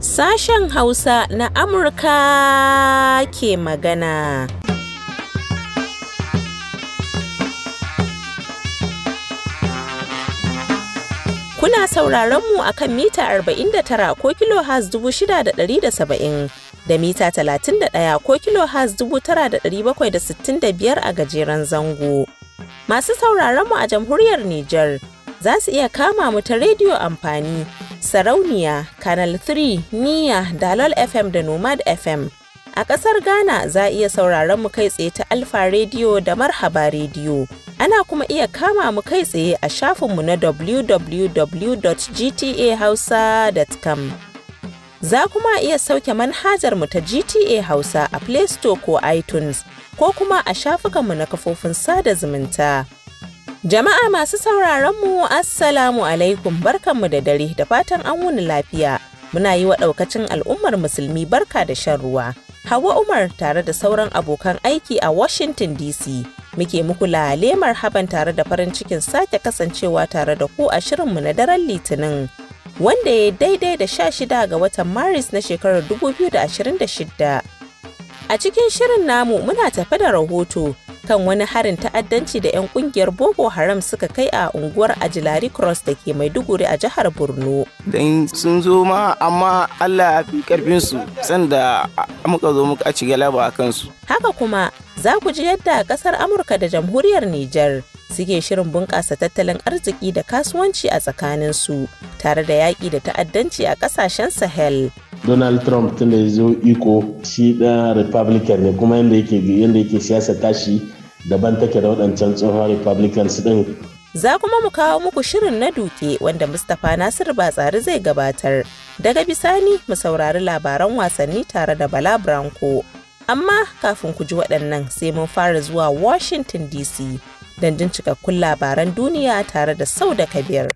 Sashen Hausa na Amurka ke magana. Kuna sauraron mu a kan mita 49 ko kilo has 6,770 da mita 31 ko kilo has 9,765 a gajeren zango. Masu sauraron mu a jamhuriyar Nijar. za su iya kama mu ta rediyo amfani sarauniya canal 3 niya dalol fm da nomad fm a ƙasar ghana za a iya sauraron mu kai tsaye ta alfa rediyo da marhaba rediyo ana kuma iya kama mu kai tsaye a shafinmu na www.gtahausa.com za kuma iya sauke manhajar mu ta gta hausa a play store ko itunes ko kuma a shafukanmu na kafofin sada zumunta. Jama'a masu sauraron mu Assalamu alaikum barkanmu da dare da fatan an wuni lafiya. Muna yi wa ɗaukacin al'ummar musulmi barka da shan ruwa. Hawa Umar tare da sauran abokan aiki a Washington DC. Muke muku lemar haban tare da farin cikin sake kasancewa tare da ku a shirinmu na daren Litinin. Wanda ya daidai da sha shida ga watan Maris na shekarar 2026. A cikin shirin namu muna tafe da rahoto kan wani harin ta'addanci da 'yan kungiyar Boko Haram suka kai a unguwar Ajilari Cross da ke Maiduguri a jihar Borno. Dan sun zo ma amma Allah ya fi karfinsu sanda muka zo muka ci galaba a kansu. Haka kuma za ku ji yadda kasar Amurka da jamhuriyar Nijar suke shirin bunƙasa tattalin arziki da kasuwanci a tsakaninsu tare da yaƙi da ta'addanci a ƙasashen Sahel. donald trump tun da ya zo iko shi ɗan republican ne kuma yadda yake yadda yake siyasa tashi daban take da waɗancan tsohon republicans ɗin za kuma mu kawo muku shirin na duke wanda mustapha nasir tsari zai gabatar daga bisani mu saurari labaran wasanni tare da bala branko amma kafin ku ji waɗannan sai mun fara zuwa washington dc don jin cikakkun labaran duniya tare da sau da kabiyar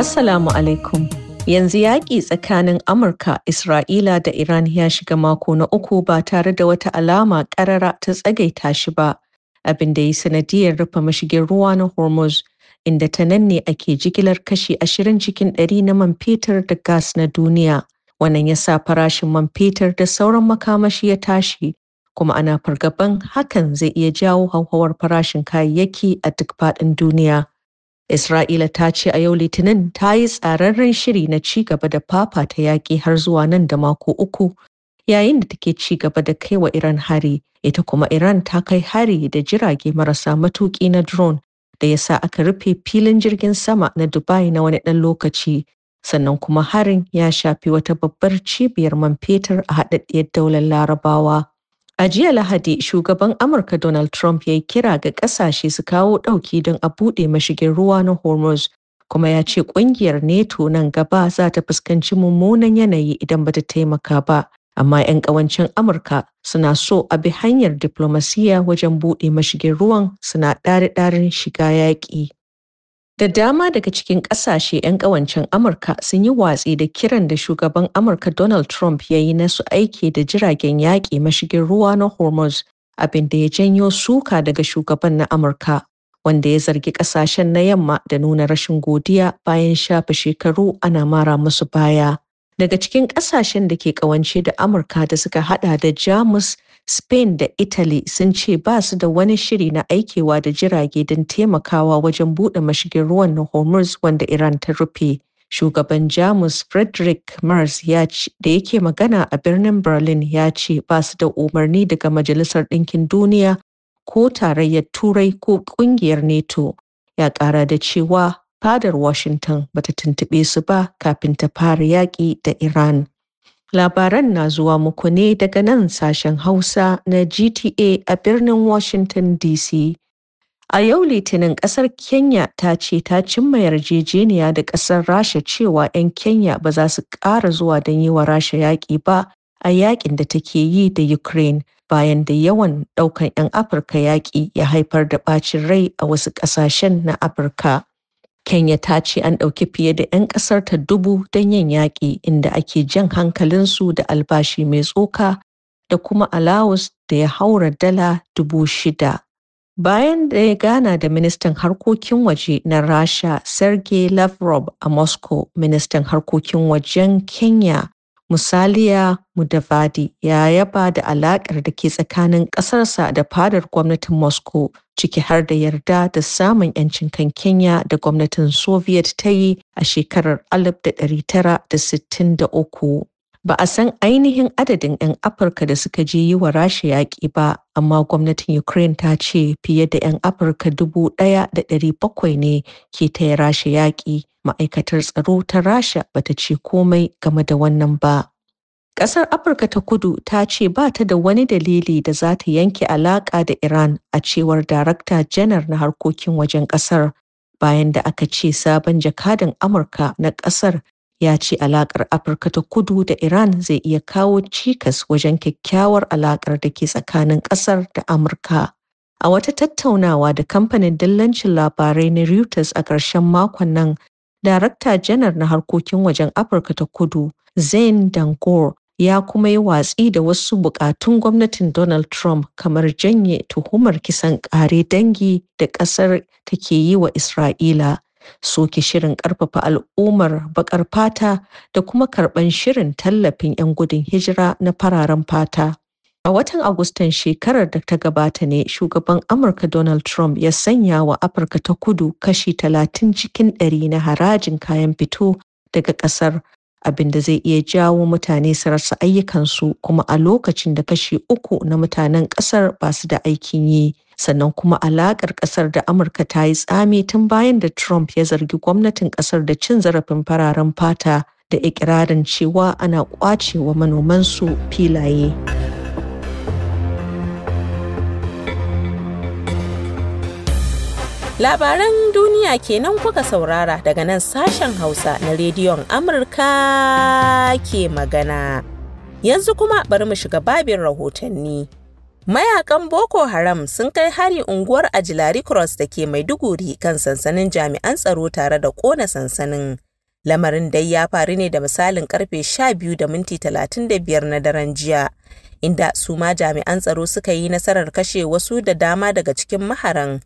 Assalamu alaikum. Yanzu yaƙi tsakanin Amurka, Isra'ila da Iran ya shiga mako na uku ba tare da wata alama ƙarara ta tsagaita shi ba, abin da ya sanadiyar rufe mashigin ruwa na Hormuz, inda ta nan ne ake jigilar kashi ashirin cikin ɗari na man fetur da gas na duniya. Wannan ya sa farashin man fetur da sauran makamashi ya tashi, kuma ana fargaban hakan zai iya jawo hauhawar farashin kayayyaki a duk faɗin duniya. Isra'ila ta ce a yau Litinin ta yi tsararren shiri na ci gaba da fafa ta yaƙi har zuwa nan da mako uku yayin da take ci gaba da kaiwa Iran hari, ita kuma Iran ta kai hari da jirage marasa matuƙi na drone da ya sa aka rufe filin jirgin sama na Dubai na wani ɗan lokaci. Sannan kuma harin ya shafi wata babbar cibiyar man fetur a haɗaɗɗiyar daular Larabawa. A jiya Lahadi, shugaban Amurka Donald Trump ya yi kira ga ƙasashe su kawo ɗauki don a buɗe mashigin ruwa na Hormuz, kuma ya ce ƙungiyar NATO nan gaba za ta fuskanci mummunan yanayi idan ba ta taimaka ba. Amma 'yan ƙawancin Amurka suna so a bi hanyar diflomasiyya wajen buɗe mashigin ruwan suna ɗari-ɗarin shiga yaƙi. Da dama daga cikin ƙasashe 'yan ƙawancen Amurka sun yi watsi da kiran da shugaban Amurka Donald Trump ya yi na su aiki da jiragen yaƙi mashigin ruwa na Hormuz, abin da ya janyo suka daga shugaban na Amurka, wanda ya zargi ƙasashen na yamma da nuna rashin godiya bayan shafe shekaru ana mara musu baya. Daga cikin ƙasashen da ke ƙawance da Amurka da suka haɗa da Jamus Spain da Italy sun ce ba su da wani shiri na aikewa da jirage don taimakawa wajen buɗe mashigin ruwan na Hormuz wanda Iran ta rufe. Shugaban Jamus Frederick Merz ya ce da yake magana a birnin Berlin ya ce ba su da umarni daga Majalisar Ɗinkin Duniya ko Tarayyar Turai ko Ƙungiyar NATO. Ya ƙara da cewa fadar Washington bata tuntuɓe su ba kafin ta fara yaƙi da Iran. Labaran na zuwa muku ne daga nan sashen Hausa na GTA a birnin Washington DC. A yau Litinin ƙasar Kenya ta ce ta cimma yarjejeniya da ƙasar Rasha cewa 'yan Kenya ba za su ƙara zuwa don yi wa Rasha yaƙi ba a yaƙin da take yi da Ukraine bayan da yawan ɗaukan 'yan Afirka yaƙi ya haifar da ɓacin rai a wasu ƙasashen na Afirka. Kenya ta ce an ɗauki fiye da 'yan ƙasarta dubu don yin yaƙi inda ake jan hankalinsu da albashi mai tsoka da kuma alawus da ya haura dala dubu shida. Bayan da ya gana da ministan harkokin waje na Rasha Sergei Lavrov a Moscow, ministan harkokin wajen Kenya Musaliya Mudavadi ya yaba da alaƙar da ke tsakanin ƙasarsa da fadar gwamnatin Moscow ciki har da yarda da samun 'yancin kan Kenya da gwamnatin Soviet ta yi a shekarar 1963. Ba a san ainihin adadin 'yan Afirka da suka je yi wa Rasha yaƙi ba, amma gwamnatin Ukraine ta ce fiye da 'yan Afirka 1,700 ne ke yi Rasha yaƙi ma'aikatar tsaro ta rasha ba ta ce komai game da wannan ba ƙasar afirka ta kudu ta ce ba ta da wani dalili da za ta yanke alaƙa da iran a cewar darakta janar na harkokin wajen ƙasar bayan da aka ce sabon jakadan amurka na ƙasar ya ce alaƙar afirka ta kudu da iran zai iya kawo cikas wajen kyakkyawar alaƙar da ke tsakanin ƙasar da amurka a wata tattaunawa da kamfanin dillancin labarai na reuters a ƙarshen makon nan Darakta janar na harkokin wajen Afirka ta Kudu, Zain Dangor, ya kuma yi watsi da wasu bukatun gwamnatin Donald Trump kamar janye tuhumar kisan ƙare dangi da ƙasar take yi wa Isra'ila. Soke shirin ƙarfafa al'ummar baƙar fata da kuma karɓan shirin tallafin 'yan gudun hijira na fararen fata. A watan Agustan shekarar da ta gabata ne shugaban Amurka Donald Trump ya sanya wa Afirka ta kudu kashi talatin cikin ɗari na harajin kayan fito daga ƙasar abin da zai iya jawo mutane su rasa ayyukansu kuma a lokacin da kashi uku na mutanen ƙasar ba su da aikin yi. Sannan kuma alaƙar ƙasar da Amurka ta yi tsami tun bayan da Trump ya zargi gwamnatin ƙasar da cin zarafin fararen fata da iƙirarin cewa ana ƙwace ƙwacewa manomansu filaye. Labaran duniya kenan kuka saurara daga nan sashen Hausa na rediyon Amurka ke magana. Yanzu kuma bari mu shiga babin rahotanni. Mayakan Boko Haram sun kai hari unguwar Ajilari Cross da ke Maiduguri kan sansanin jami'an tsaro tare da kona sansanin. Lamarin dai ya faru ne da misalin karfe biyu da minti talatin da biyar na daren jiya, inda su ma jami'an tsaro suka yi nasarar kashe wasu da dama daga cikin maharan.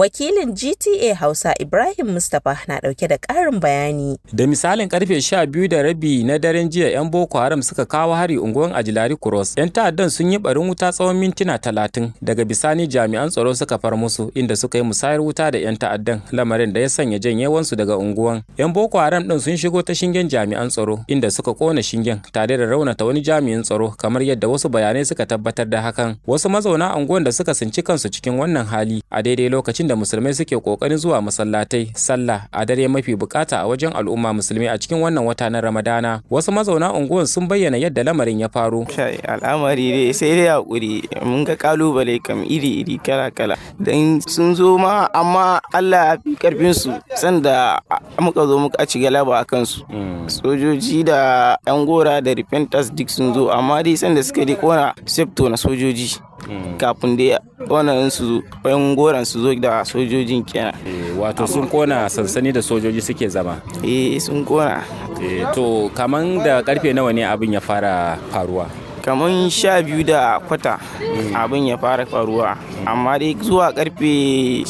Wakilin GTA Hausa Ibrahim Mustapha na dauke da karin bayani. Da misalin karfe sha biyu da rabi na daren jiya 'yan Boko Haram suka kawo hari unguwar Ajilari Cross. 'Yan ta'addan sun yi barin wuta tsawon mintuna talatin daga bisani jami'an tsaro suka far musu inda suka yi musayar wuta da 'yan ta'addan lamarin da ya sanya janyewansu daga unguwan. 'Yan Boko Haram ɗin sun shigo ta shingen jami'an tsaro inda suka kona shingen tare da raunata wani jami'in tsaro kamar yadda wasu bayanai suka tabbatar da hakan. Wasu mazauna unguwan da suka sinci kansu cikin wannan hali a daidai lokacin da musulmai suke kokarin zuwa masallatai sallah a dare mafi bukata a wajen al'umma musulmi a cikin wannan wata na ramadana wasu mazauna unguwan sun bayyana yadda lamarin ya faru al'amari dai sai dai hakuri mun ga kalubale kam iri iri kala kala dan sun zo ma amma Allah ya fi karfin su sanda muka zo muka ci galaba a kansu hmm. sojoji da yan gora da repentance duk sun zo amma dai sanda suka dai kona septo na sojoji hmm. kafin dai wannan su bayan goran su zo da sojojin kenan eh, wato sun kona sansani da sojoji suke zama eh sun kona eh, to kaman da karfe nawa ne abin ya fara faruwa kaman sha biyu da kwata mm. abin ya fara faruwa amma dai zuwa karfe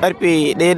karfe 40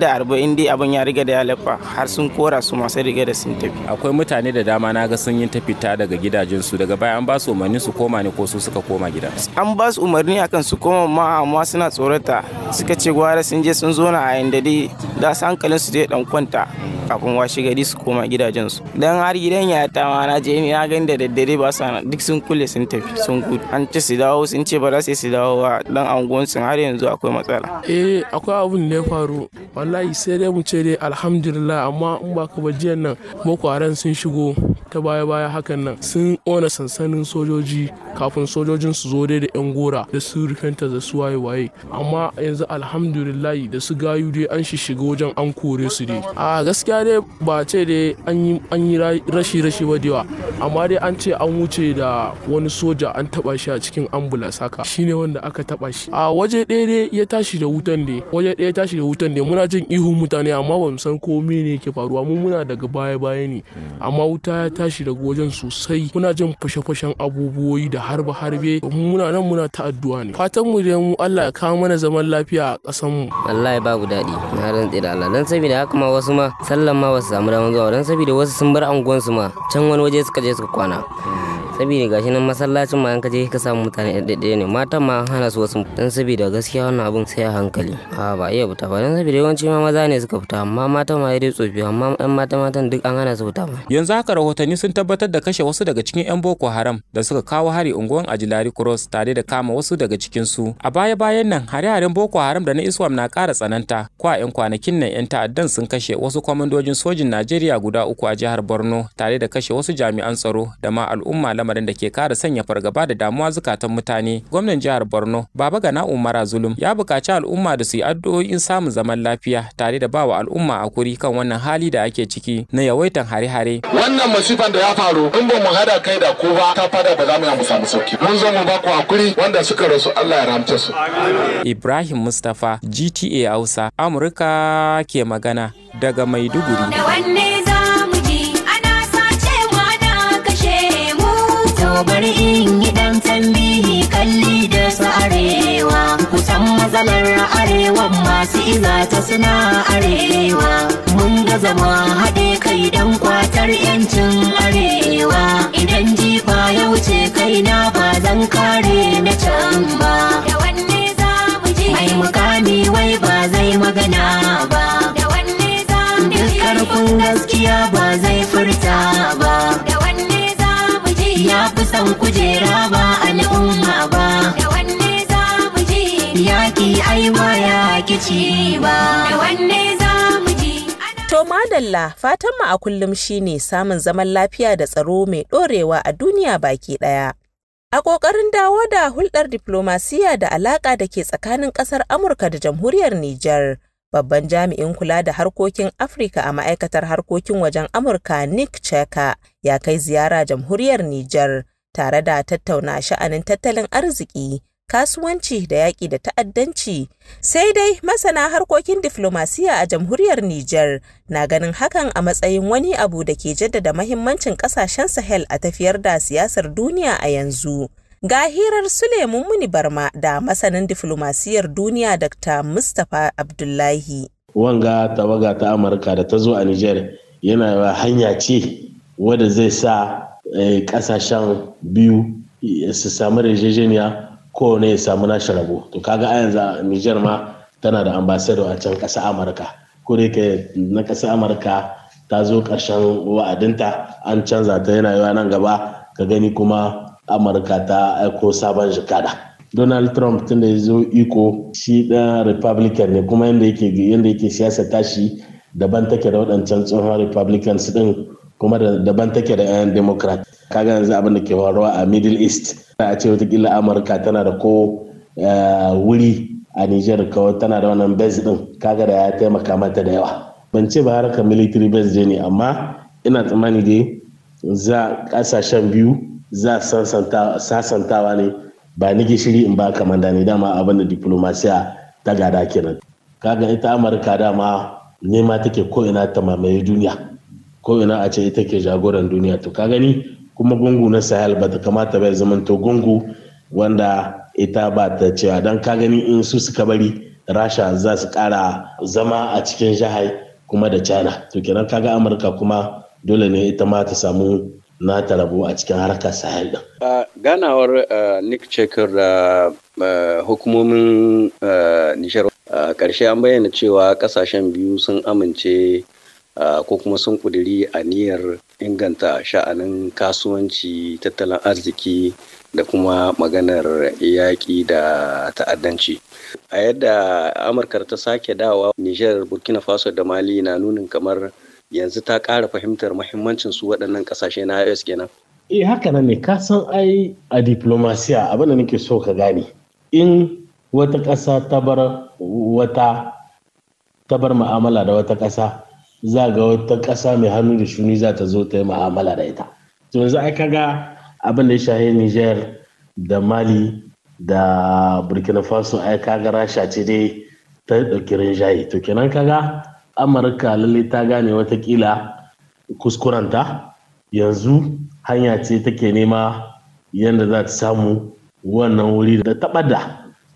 dai abin ya riga da ya lafa har sun kora su masu riga da sun tafi akwai mutane da dama na ga sun yi tafita daga gidajensu daga baya an ba su umarni su koma ne ko su suka koma gida an ba su umarni akan su koma ma amma suna tsorata suka ce gwara sun je sun zo na a inda dai da su hankalin su zai dan kwanta kafin washe gari su koma gidajensu dan har gidan ya ta ma na je ni, na gani da daddare ba sa duk sun kulle sun tafi sun gudu an ce su dawo sun ce ba za su dawo ba dan anguwan sun har yanzu akwai matsala eh akwai abun ne. faru wallahi sai dai mu ce dai alhamdulillah amma in ba ka jiyan nan boko haram sun shigo ta baya-baya hakan nan sun ƙona sansanin sojoji kafin sojojin su zo da 'yan gora da su rufenta da su waye-waye amma yanzu alhamdulillahi da su gayu dai an shiga wajen an kore su dai a gaskiya dai ba ce dai an yi rashi-rashi ba dewa amma dai an ce an wuce da wani soja an taba shi a cikin ambulans haka shine wanda aka taba shi a waje ɗaya dai ya tashi da wutan dai waje ɗaya tashi da wutan dai muna jin ihu mutane amma ba san ko ne ke faruwa mu muna daga baya-baya ne amma wuta ya tashi daga wajen sosai muna jin fashe-fashen abubuwoyi da harbe-harbe muna nan muna ta addu'a ne fatan mu da mu Allah ya kawo mana zaman lafiya a kasan mu wallahi babu daɗi na ran da Allah dan saboda haka ma wasu ma sallan ma ba su samu damar zuwa dan saboda wasu sun bar anguwan su ma can wani waje suka je suka kwana ga shi nan masallacin ma an je ka samu mutane ɗaiɗaiɗaya ne matan ma hana su wasu dan sabida gaskiya wannan abun sai a hankali a ba iya fita ba dan sabida yawanci ma maza ne suka fita amma matan ma dai tsofi amma yan mata matan duk an hana su fita ma yanzu haka rahotanni sun tabbatar da kashe wasu daga cikin yan boko haram da suka kawo hari unguwan ajilari cross tare da kama wasu daga cikin su a baya bayan nan hare-haren boko haram da na iswam na ƙara tsananta ko a yan kwanakin nan yan ta'addan sun kashe wasu kwamandojin sojin najeriya guda uku a jihar borno tare da kashe wasu jami'an tsaro da ma al'umma lamarin da ke kara sanya fargaba da damuwa zukatan mutane gwamnan jihar borno baba gana umara zulum ya bukaci al'umma da su yi addu'o'in samun zaman lafiya tare da bawa al'umma a kuri kan wannan hali da ake ciki na yawaitan hare-hare wannan masifan da ya faru in ba mu hada kai da ku ba ta fada ba za mu mu samu sauki mun zo mu ba ku hakuri wanda suka rasu Allah ya ramce su Ibrahim Mustafa GTA Hausa Amurka ke magana daga Maiduguri bari in yi dan tambihi kalli da su arewa kusan matsalar arewan masu iza ta suna arewa mun ga zama haɗe kai dan kwatar yancin arewa idan jifa ya wuce kai na ba zan kare na can ba da wanne za mu mai mukami wai ba zai magana ba da wanne za mu gaskiya ba zai furta ba kusan kujera ba al'umma ba da wanne za mu ji yaki aiwa ya ba da wanne za mu ji to madalla fatan mu a kullum shine samun zaman lafiya da tsaro mai dorewa a duniya baki ɗaya. A ƙoƙarin dawo da hulɗar diflomasiyya da alaƙa da ke tsakanin ƙasar Amurka da Jamhuriyar Nijar, babban jami'in kula da harkokin Afirka a ma'aikatar harkokin wajen Amurka Nick Cheka ya kai ziyara Jamhuriyar Nijar tare da tattauna sha'anin tattalin arziki kasuwanci da yaƙi da ta'addanci sai dai masana harkokin diflomasiya a jamhuriyar Nijar na ganin hakan a matsayin wani abu da ke jaddada mahimmancin ƙasashen Sahel a tafiyar da siyasar duniya a yanzu. Ga hirar Suleiman Muni Barma da masanin diflomasiyar duniya Dr. Mustapha Abdullahi. Wanga tawaga ta Amurka da ta zo a Nijar yana hanya ce wadda zai sa Eh, kasashen biyu eh, su samu ko ne ya samu nashi rabo to kaga a yanzu Nijar ma tana da ambasado a can ƙasa Amurka ko da yake na ƙasa Amurka ta zo ƙarshen wa'adinta an canza ta yana yawa nan gaba ka gani kuma Amurka ta aiko sabon jikada Donald Trump tunda ya zo iko shi ɗan Republican ne kuma yadda yake siyasa tashi daban take da waɗancan tsohon Republicans ɗin kuma daban take da 'yan democrat kaga yanzu abin da ke faruwa a middle east a ce watakila amurka tana da ko eh, wuri a niger kawai tana da wannan base din kaga da ya taimaka mata da yawa ban ce ba harkar military base je ne amma ina tsammani dai za kasashen biyu za sasantawa ne ba ni gishiri in ba kamanda ne dama abin da diplomasiya ta gada kenan kaga ita amurka dama nema take ko ina ta mamaye duniya ko ina a ce ita ke jagoran duniya to ka gani kuma gungu na sahel ba ta kamata bai zamanto gungu wanda ita ba ta cewa don ka gani in su suka bari rasha za su kara zama a cikin jihar kuma da china to kenan kaga amurka kuma dole ne ita ma ta samu na ta rabu a cikin harkar sahel din. ganawar nick checker da hukumomin nishar a an bayyana cewa kasashen biyu sun amince ko kuma sun ƙudiri niyyar inganta sha'anin kasuwanci tattalin arziki da kuma maganar yaƙi da ta'addanci a yadda amurka ta sake dawa nijar burkina faso da mali na nunin kamar yanzu ta ƙara fahimtar mahimmancin su waɗannan ƙasashe na ios kenan eh haka nan ne ka san ai a diplomasiya abin da nake so ka gane in wata ƙasa ta bar wata ta bar mu'amala da wata ƙasa za ga wata ƙasa mai hannu da shuni za ta zo ta yi ma'amala da ita to yanzu ai kaga abin da ya shahe niger da mali da burkina faso ai kaga rasha ce dai ta ɗauki rinjaye to kenan kaga amurka lalle ta gane watakila kuskurenta yanzu hanya ce take nema yadda za ta samu wannan wuri da taɓa da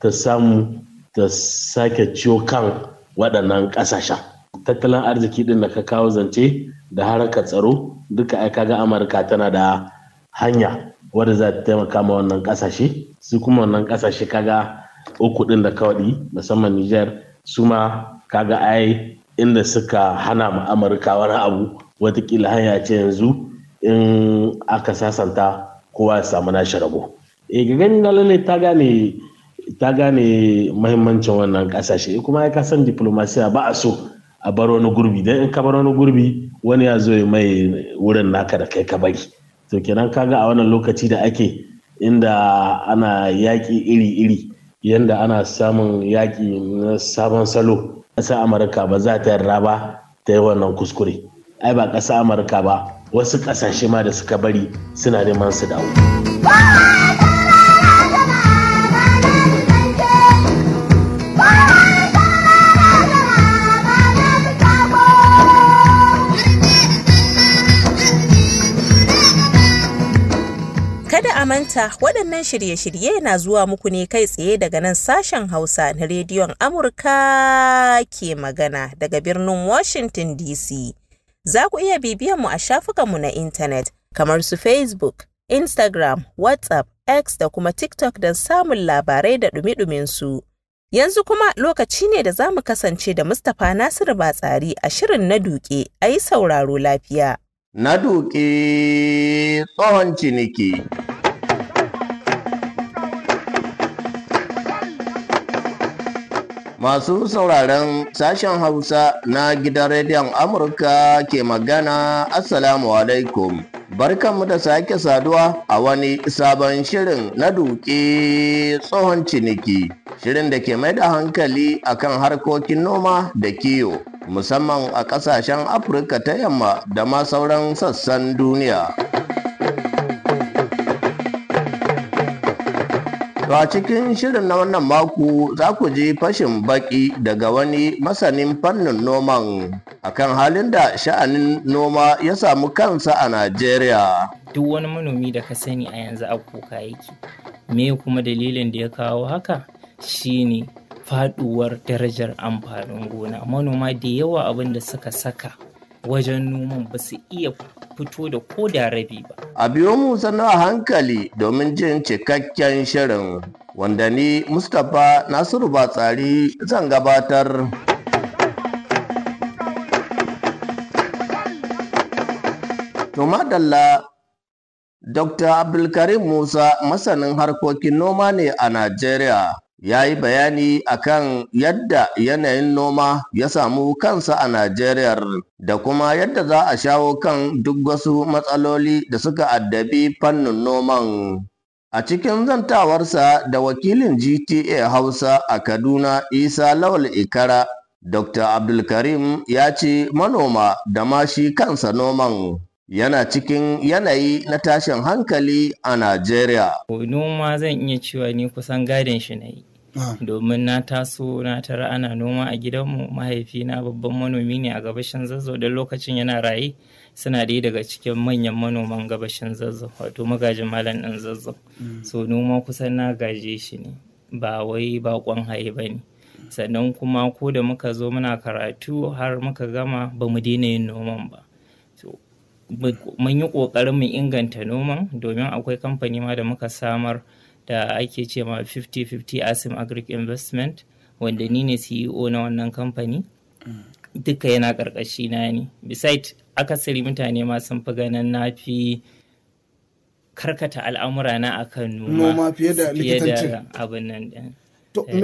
ta samu ta sake ciwo kan waɗannan ƙasashen tattalin arziki din da ka kawo zance da harkar tsaro duka ai kaga amurka tana da hanya wadda za ta taimaka ma wannan kasashe su kuma wannan kasashe kaga uku din da kawai musamman niger su ma kaga ai inda suka hana ma amurka wani abu watakila hanya ce yanzu in aka sasanta kowa ya samu nashi rabo e ga gani na lalle ta gane ta gane mahimmancin wannan kasashe kuma ya kasan diplomasiya ba a so a bar wani gurbi don in ka bar wani gurbi wani ya zo ya mai wurin naka da kai ka bari to kenan kaga a wannan lokaci da ake inda ana yaƙi iri-iri yanda ana samun yaƙi na sabon salo ƙasar amurka ba za ta yarda ba ta yi wannan kuskure ai ba ƙasar amurka ba wasu ƙasashe ma da suka bari suna neman su dawo. mata waɗannan shirye-shirye na zuwa muku ne kai tsaye daga nan sashen Hausa na rediyon Amurka ke magana daga birnin Washington DC. Za ku iya bibiyan mu a shafukanmu na intanet kamar su Facebook, Instagram, WhatsApp, X da kuma TikTok don samun labarai da ɗumi su. Yanzu kuma lokaci ne da za mu kasance da Mustapha Nasiru Batsari a shirin na duke a yi sauraro lafiya. na duƙe tsohon ciniki. Masu sauraron sashen Hausa na gidan rediyon Amurka ke magana Assalamu alaikum. Barkanmu da sake saduwa a wani sabon shirin na duki tsohon ciniki. Shirin da ke mai da hankali akan harkokin noma da kiyo, musamman a ƙasashen Afirka ta yamma da ma sauran sassan duniya. To a cikin shirin na wannan mako za ku ji fashin baki daga wani masanin fannin noman A kan halin da sha'anin noma ya samu kansa a Najeriya. Duk wani manomi da ka sani a yanzu a kuka yake. Me kuma dalilin da ya kawo haka? Shine faduwar darajar amfanin gona. Manoma da yawa abin da suka saka wajen noman ba su iya fito da ko da rabi ba. A biyo mu sannan hankali domin jin cikakken shirin wanda ni Mustapha Nasiru Batsari zan gabatar. To madalla Dr. Abdulkarim Musa masanin harkokin noma ne a Najeriya ya yi bayani akan yadda yanayin noma ya samu kansa a Najeriya da kuma yadda za a shawo kan duk wasu matsaloli da suka addabi fannin noman. A cikin zantawarsa da wakilin GTA Hausa a Kaduna Isa Lawal Ikara, Dr. Abdulkarim ya ce manoma da ma shi kansa noman. yana cikin yanayi na tashin hankali a Najeriya. Noma zan iya cewa ni kusan gadon shi na yi. Ah. domin na taso na tara ana noma a gidanmu mahaifina babban manomi ne a gabashin zazzau don lokacin yana raye suna ɗaya daga cikin manyan manoman gabashin zazzau wato magajin malam ɗin zazzau hmm. so noma kusan na gaje shi ne ba wai bakon haye ba ne sannan kuma ko da muka zo muna karatu har muka gama ba mu daina yin noman ba mun yi ƙoƙarin mu inganta noman domin akwai kamfani ma da muka samar da ake ce ma 50-50 asim agric investment wanda ni ne ceo na wannan kamfani duka yana karkashi na ne beside akasari mutane ma sun fi ganin na fi karkata al'amura na akan noma fiye da abin nan din To eh.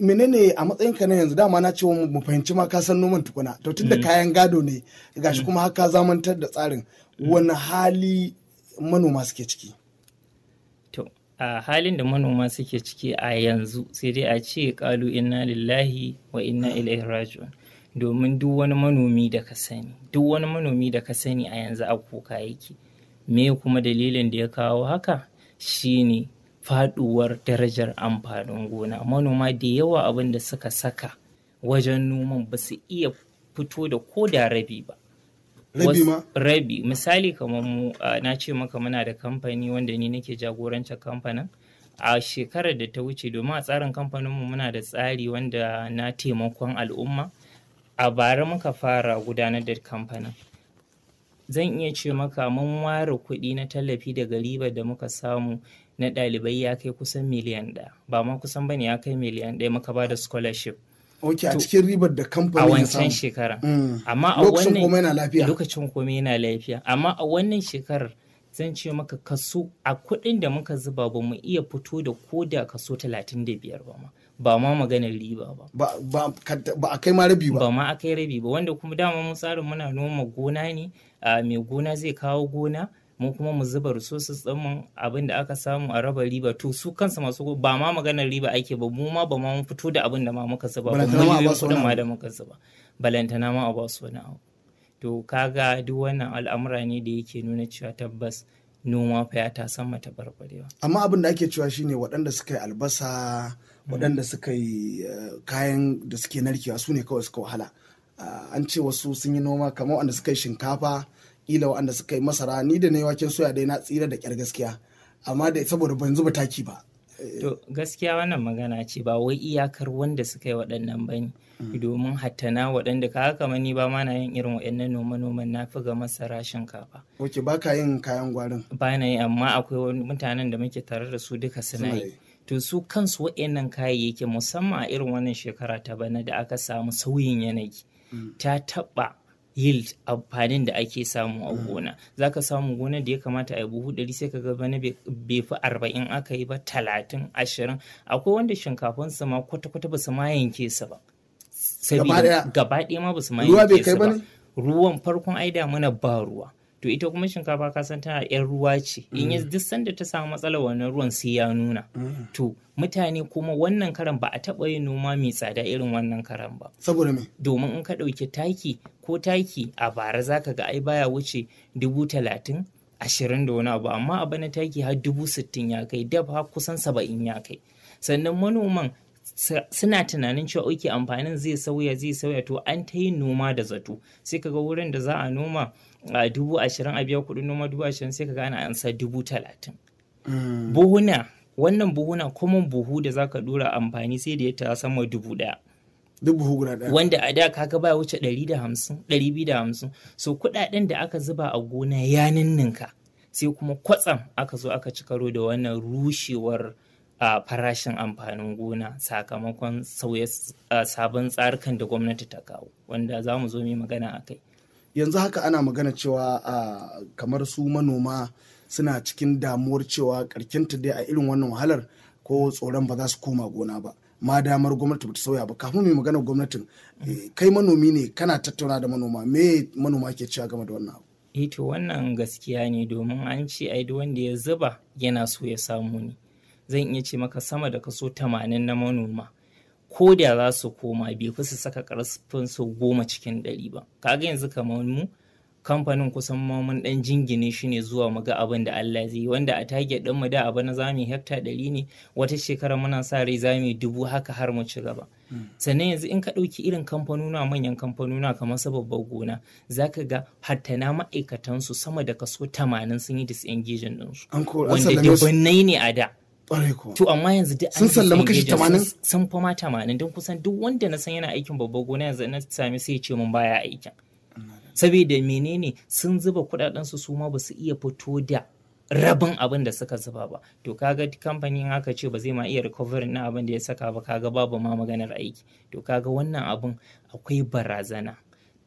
menene a matsayinka na yanzu dama na ce mu fahimci ma ka san noman tukuna to tun da mm. kayan gado ne gashi mm. kuma haka zamantar da tsarin mm. wani hali manoma suke ciki. a halin da manoma suke ciki a yanzu sai dai a ce kalu inna lillahi wa inna ilaihi raji'un domin duk wani manomi da ka sani duk wani manomi da ka sani a yanzu a kuka yake me kuma dalilin da ya kawo haka shine faduwar darajar amfanin gona manoma da yawa abin da suka saka wajen noman ba su iya fito da ko da rabi ba Rabi ma? Rabi. Misali kamar mu na ce maka muna da kamfani wanda ni nake jagorancin kamfanin. A shekarar da ta wuce domin a tsarin kamfaninmu muna da tsari wanda na taimakon al'umma. A bara muka fara gudanar da kamfanin. Zan iya ce maka mun ware kuɗi na tallafi daga ribar da muka samu na ɗalibai ya kai kusan miliyan ɗaya. Ba ma kusan bane ya kai miliyan ɗaya muka ba da scholarship. ok a cikin ribar da kamfanin a wancan shekara mm. amma a wannan lokacin komai yana lafiya lokacin komai yana lafiya amma a wannan shekarar zan ce maka kaso a kuɗin da muka zuba ba mu iya fito da ko da kaso 35 ba ma ba ma maganar riba ba ba a kai ma rabi ba ba ma a kai rabi ba wanda kuma dama mun tsarin muna noma gona ne mai gona zai kawo gona mu kuma mu zuba resources ɗinmu abin da aka samu a raba riba to su kansa masu ba ma maganar riba ake ba mu ma ba ma mun fito da abin da ma muka zuba ba mu yi kudin ma da muka zuba balantana ma a ba su wani abu to kaga duk wannan al'amura ne da yake nuna cewa tabbas noma fa ya ta san mata barbarewa amma abin da ake cewa shine waɗanda suka yi albasa mm. waɗanda suka yi eh, kayan da suke narkewa su ne kawai suka wahala ah, an ce wasu sun yi noma kamar waɗanda suka yi shinkafa kila waɗanda suka yi masara ni da na yi waken soya dai na tsira da kyar gaskiya amma da saboda ban zuba taki ba eh. to gaskiya wannan magana ce ba wai iyakar wanda suka yi waɗannan ba ne mm. domin hattana waɗanda ka haka mani ba ma na yin irin waɗannan noma-noman na fi ga masara shinkafa. Ok ba ka yin kayan gwarin? Ba na yi amma akwai mutanen da muke tare da su duka suna yi. To su kansu waɗannan kayayyaki musamman a irin wannan shekara ta bana da aka samu sauyin yanayi mm. ta taɓa yield amfanin da ake samu a gona za ka samu gona da ya kamata a yi buhu ɗari sai ka ga bane bai fi arba'in aka yi ba talatin ashirin akwai wanda shinkafansa ma kwata-kwata ba su ma yanke su ba gaba ɗaya ma ba su ma yanke su ba ruwan farkon aida damuna ba ruwa to ita kuma shinkafa ka san tana yar ruwa ce in ya mm. duk sanda ta samu matsala wannan ruwan sai ya nuna mm. to mutane kuma wannan karan ba a taba yin noma mai tsada irin wannan karan ba saboda me domin in ka ɗauki taki ko taki a bara zaka ga ai baya wuce dubu talatin ashirin da wani abu amma a bana taki har dubu sittin ya kai dab har kusan saba'in ya kai sannan manoman suna tunanin cewa oke amfanin zai sauya zai sauya to an ta yin noma da zato sai ka ga wurin da za a noma a dubu ashirin a biya kuɗin noma dubu ashirin sai ka gane an sa dubu talatin mm. buhuna wannan buhuna kuma buhu da zaka dora amfani sai da ya ta sama dubu ɗaya Wanda a da kaga ba wuce ɗari da hamsin, ɗari biyu da hamsin. So kuɗaɗen da aka zuba a gona ya ninninka. Sai kuma kwatsam aka zo aka ci karo da wannan rushewar farashin amfanin gona sakamakon sauye sabon tsarukan da gwamnati ta kawo wanda za mu zo mai magana a kai. yanzu haka ana magana cewa a kamar su manoma suna cikin damuwar cewa karkinta dai a irin wannan wahalar ko tsoron ba za su koma gona ba ma damar gwamnati bata sauya ba kafin mai magana gwamnatin eh, kai manomi ne kana tattauna da manoma me manoma ke cewa game da wannan abu eh to wannan gaskiya ne domin an ce ai duk wanda ya zuba yana so ya samu ne zan iya ce maka sama da kaso tamanin na manoma ko da za su koma bai fi saka karfin su goma cikin ɗari ba kaga yanzu kamar mu kamfanin kusan ma mun dan jingine shi ne zuwa mu ga abin da Allah zai wanda a target din mu da abu na zamu hekta ɗari ne wata shekara muna sa rai zamu dubu haka har mu ci gaba hmm. sannan yanzu in ka ɗauki irin kamfanuna manyan kamfanuna kamar su babban gona zaka ga hattana ma'aikatansu sama da kaso tamanin sun yi disengaging ɗinsu wanda dubannai ne a da To amma yanzu duk sun sallama kashi tamanin? Sun fama tamanin don kusan duk wanda na san yana aikin babban gona yanzu na sami sai ce mun baya aikin. Saboda menene sun zuba kudaden su ma ba su iya fito da rabin abin da suka zuba ba. To kaga kamfanin haka ce ba zai ma iya recovery na abin da ya saka ba kaga babu ma maganar aiki. To kaga wannan abin akwai barazana.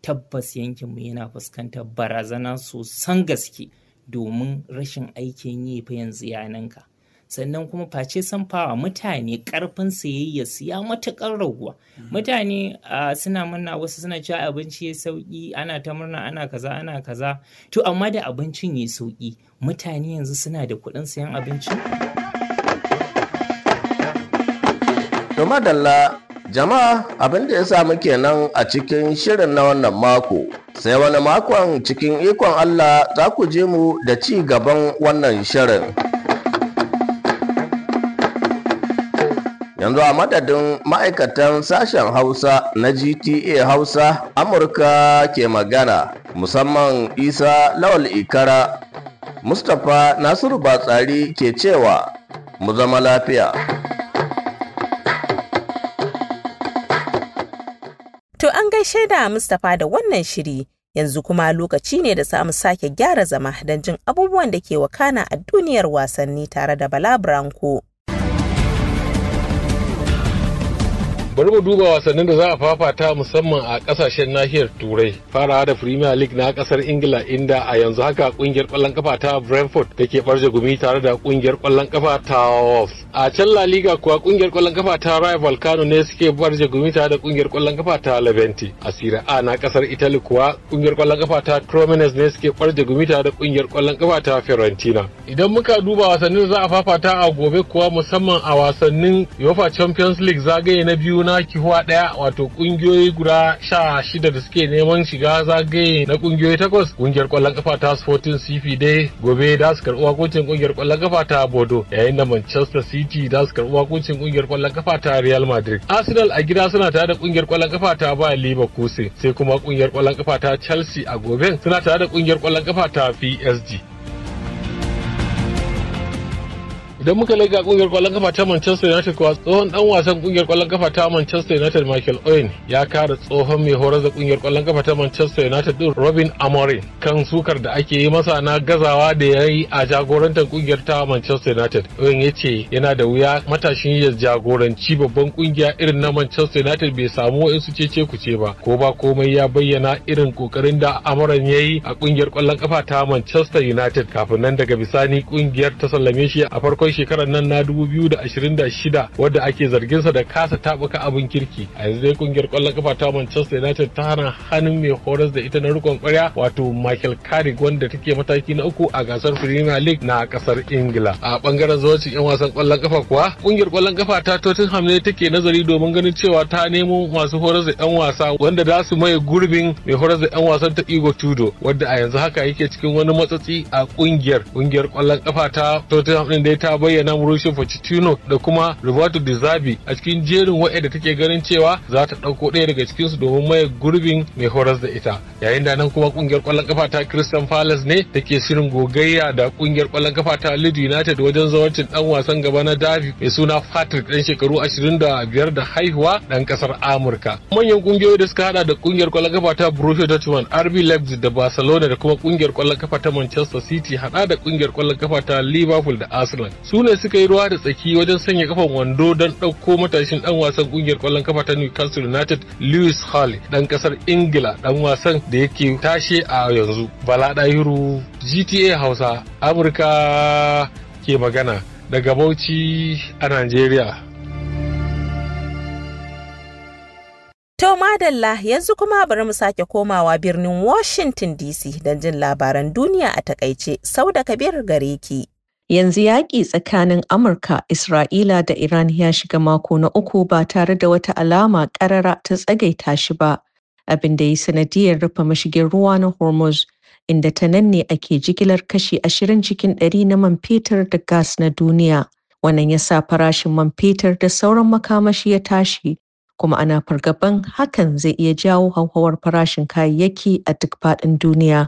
Tabbas yankin mu yana fuskantar barazana sosan gaske domin rashin aikin yi fa yanzu yananka. sannan kuma face san fawa mutane karfin sayayya su ya matukar raguwa mm-hmm. mutane suna murna wasu suna cewa abinci ya sauki ana ta murna ana kaza ana kaza to amma da abincin ya sauki mutane yanzu suna da kuɗin sayan abinci to madalla jama'a abin da ya samu kenan a cikin shirin na wannan mako sai wani makon cikin ikon Allah za ku je mu da ci gaban wannan shirin. yanzu a madadin ma'aikatan sashen hausa na gta hausa amurka ke magana musamman isa lawal ikara mustapha nasiru batsari ke cewa mu zama lafiya to an gaishe da mustapha da wannan shiri yanzu kuma lokaci ne da samu sake gyara zama don jin abubuwan da ke wakana a duniyar wasanni tare da bala bari mu duba wasannin da za a fafata musamman a kasashen nahiyar turai farawa da premier league na kasar ingila inda a yanzu haka kungiyar kwallon kafa ta brentford da ke barje gumi tare da kungiyar kwallon kafa ta wolf a can la liga kuwa kungiyar kwallon kafa ta rival kano ne suke barje gumi tare da kungiyar kwallon kafa ta leventi a sira a na kasar italy kuwa kungiyar kwallon kafa ta cromines ne suke barje gumi tare da kungiyar kwallon kafa ta fiorentina idan muka duba wasannin da za a fafata a gobe kuwa musamman a wasannin uefa champions league zagaye na biyu na kihuwa daya wato kungiyoyi guda sha shida da suke neman shiga zagaye na kungiyoyi takwas kungiyar kwallon kafa ta sporting cp da gobe da su karbi wakocin kungiyar kwallon kafa ta bodo yayin da manchester city da su karbi wakocin kungiyar kwallon kafa ta real madrid arsenal a gida suna tare da kungiyar kwallon kafa ta ba liverpool sai kuma kungiyar kwallon kafa ta chelsea a gobe suna tare da kungiyar kwallon kafa ta psg da muka laga kungiyar kwallon kafa ta Manchester United kuwa tsohon dan wasan kungiyar kwallon kafa ta Manchester United Michael Owen ya kare tsohon mai horar da kungiyar kwallon kafa ta Manchester United din Robin Amorim kan sukar da ake yi masa na gazawa da ya yi a jagorantar kungiyar ta Manchester United. Owen ya ce yana da wuya matashin ya jagoranci babban kungiya irin na Manchester United bai samu wa'insu cece kuce ba ko ba komai ya bayyana irin kokarin da Amorim ya yi a kungiyar kwallon kafa ta Manchester United kafin nan daga bisani kungiyar ta sallame shi a farkon shekarar nan na 2026 wadda ake zargin sa da kasa tabuka abin kirki a yanzu dai kungiyar kwallon kafa ta Manchester United ta hana hannun mai horas da ita na rikon kwarya wato Michael Carrick wanda take mataki na uku a gasar Premier League na kasar Ingila a bangaren zawacin yan wasan kwallon kafa kuwa kungiyar kwallon kafa ta Tottenham ne take nazari domin ganin cewa ta nemo masu horas da yan wasa wanda za su maye gurbin mai horas da yan wasan ta Igor Tudor wadda a yanzu haka yake cikin wani matsatsi a kungiyar kungiyar kwallon kafa ta Tottenham din dai ta bayyana murushin Pochettino da kuma Roberto Di Zabi a cikin jerin waɗanda take ganin cewa za ta ɗauko ɗaya daga cikin su domin maye gurbin mai horas da ita. Yayin da nan kuma kungiyar ƙwallon kafa ta Christian Palace ne take shirin gogayya da ƙungiyar ƙwallon kafa ta Leeds United wajen zawancin dan wasan gaba na Davi mai suna Patrick ɗan shekaru 25 da haihuwa ɗan ƙasar Amurka. Manyan kungiyoyi da suka hada da kungiyar ƙwallon kafa ta Borussia Dortmund, RB Leipzig da Barcelona da kuma ƙungiyar ƙwallon kafa ta Manchester City hada da kungiyar ƙwallon kafa ta Liverpool da Arsenal su ne suka yi ruwa da tsaki wajen sanya kafan wando don ɗauko matashin ɗan wasan ƙungiyar ƙwallon kafa ta Newcastle United Lewis Hall ɗan ƙasar Ingila ɗan wasan da yake tashe a yanzu. Bala Ɗahiru GTA Hausa Amurka ke magana daga Bauchi a Najeriya. To madalla yanzu kuma bari mu sake komawa birnin Washington DC don jin labaran duniya a takaice sau da kabir gare ki. Yanzu yaƙi tsakanin Amurka, Isra'ila da Iran ya shiga mako na uku ba tare da wata alama ƙarara ta tsagaita shi ba, abin da ya sanadiyar rufe mashigin ruwa na Hormuz, inda ta nan ne ake jigilar kashi ashirin cikin ɗari na man fetur da gas na duniya. Wannan ya sa farashin man fetur da sauran makamashi ya tashi, kuma ana fargaban hakan zai iya jawo hauhawar farashin kayayyaki a duk faɗin duniya.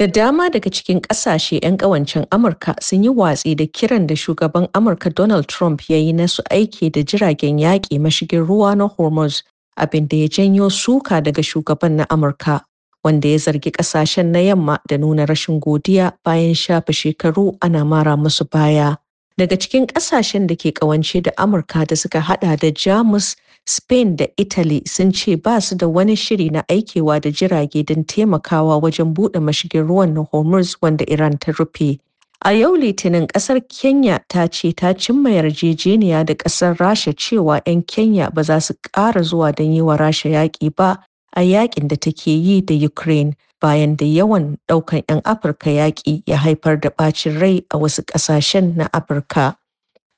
Da dama daga cikin ƙasashe 'yan ƙawancen Amurka sun yi watsi da kiran da shugaban Amurka Donald Trump ya yi na su aiki da jiragen yaƙi mashigin ruwa na Hormuz, abin da ya janyo suka daga shugaban na Amurka, wanda ya zargi ƙasashen na yamma da nuna rashin godiya bayan shafe shekaru ana mara musu baya. Daga cikin ƙasashen da ke ƙawance da Amurka da suka haɗa da Jamus Spain da Italy sun ce ba su da wani shiri na aikewa da jirage don taimakawa wajen buɗe mashigin ruwan na Hormuz wanda Iran ta rufe. A yau Litinin ƙasar Kenya ta ce ta cimma yarjejeniya da ƙasar Rasha cewa 'yan Kenya ba za su ƙara zuwa don yi wa Rasha yaƙi ba a yaƙin da take yi da Ukraine bayan da yawan ɗaukan 'yan Afirka yaƙi ya haifar da ɓacin rai a wasu ƙasashen na Afirka.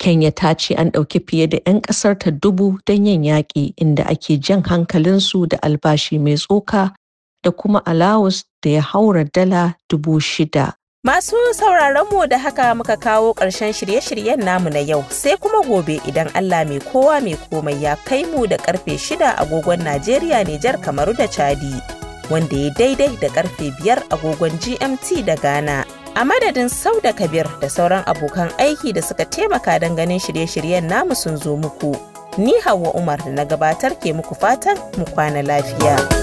Kenya ta ce an ɗauki fiye da 'yan ƙasar ta dubu don yin yaƙi inda ake jan hankalinsu da albashi mai tsoka da kuma alawus da ya haura dala dubu shida. Masu sauraron mu da haka muka kawo ƙarshen shirye-shiryen namu na yau sai kuma gobe idan Allah mai kowa mai komai ya kai mu da karfe shida agogon Najeriya Nijar Kamaru da Chadi wanda ya daidai da karfe biyar agogon GMT da Ghana. a madadin sau da kabir da sauran abokan aiki da suka taimaka don ganin shirye-shiryen namu sun zo muku ni hawa umar da na gabatar ke muku fatan mu kwana lafiya.